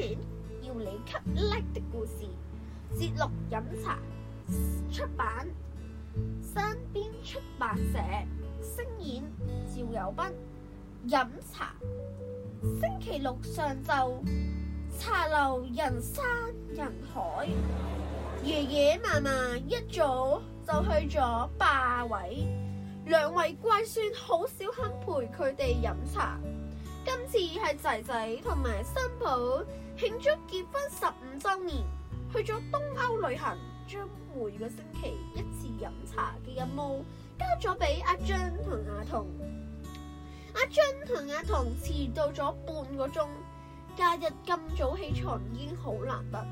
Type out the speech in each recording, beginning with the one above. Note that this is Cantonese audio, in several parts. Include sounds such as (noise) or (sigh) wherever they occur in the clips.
要你給 Like 的故事，節錄飲茶出版，身邊出版社，聲演趙友斌，飲茶。星期六上晝，茶樓人山人海，爺爺嫲嫲一早就去咗霸位，兩位乖孫好少肯陪佢哋飲茶，今次係仔仔同埋新抱。慶祝結婚十五周年，去咗東歐旅行，將每個星期一次飲茶嘅任務交咗俾阿張同阿童。阿張同阿童遲到咗半個鐘，假日咁早起床已經好難得。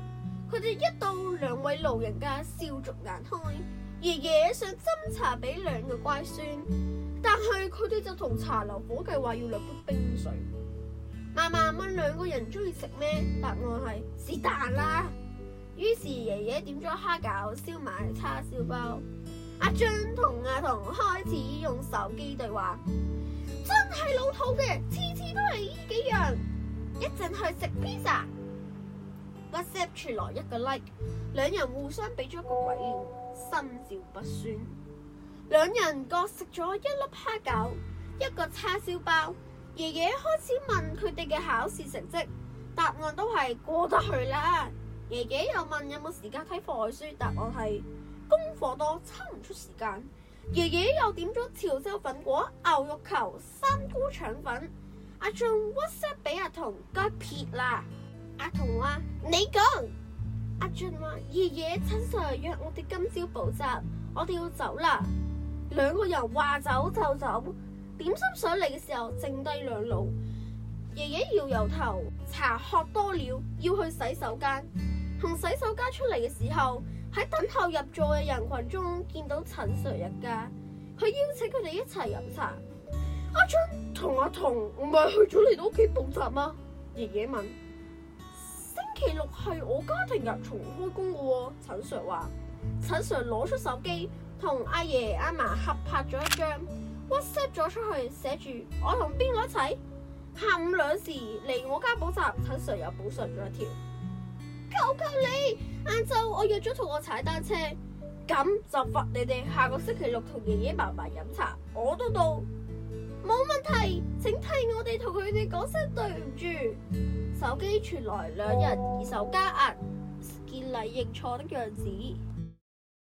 佢哋一到，兩位老人家笑逐顏開。爺爺想斟茶俾兩個乖孫，但係佢哋就同茶樓夥計話要兩杯冰水。慢慢兩個人中意食咩？答案係是但啦。於是爺爺點咗蝦餃、燒賣、叉燒包。阿張同阿唐開始用手機對話， (noise) 真係老土嘅，次次都係呢幾樣。一陣去食 pizza，WhatsApp 傳來一個 like，兩人互相俾咗一個鬼臉，心照不宣。兩人各食咗一粒蝦餃，一個叉燒包。爺爺開始問佢哋嘅考試成績，答案都係過得去啦。爺爺又問有冇時間睇課外書，答案係功課多，抽唔出時間。爺爺又點咗潮州粉果、牛肉球、三菇腸粉。阿俊 WhatsApp 俾阿童「該撇啦。阿童話：你講說。阿俊話：爺爺親手約我哋今朝補習，我哋要走啦。兩個人話走就走。點心上嚟嘅時候，剩低兩籠。爺爺搖搖頭，茶喝多了要去洗手間。從洗手間出嚟嘅時候，喺等候入座嘅人群中見到陳 Sir 一家，佢邀請佢哋一齊飲茶。阿春同阿童唔係去咗你哋屋企補習嗎？爺爺問。星期六係我家庭日，重開工噶喎、哦。陳 Sir 話。陳 Sir 攞出手機，同阿爺阿嫲合拍咗一張。s 咗出去，寫住我同邊個一齊，下午兩時嚟我家補習。陳 Sir 又補上咗一條。求求你，晏晝我約咗同我踩單車。咁就罰你哋下個星期六同爺爺嫲嫲飲茶。我都到，冇問題，請替我哋同佢哋講聲對唔住。手機傳來兩人二手加壓，見禮認錯的樣子。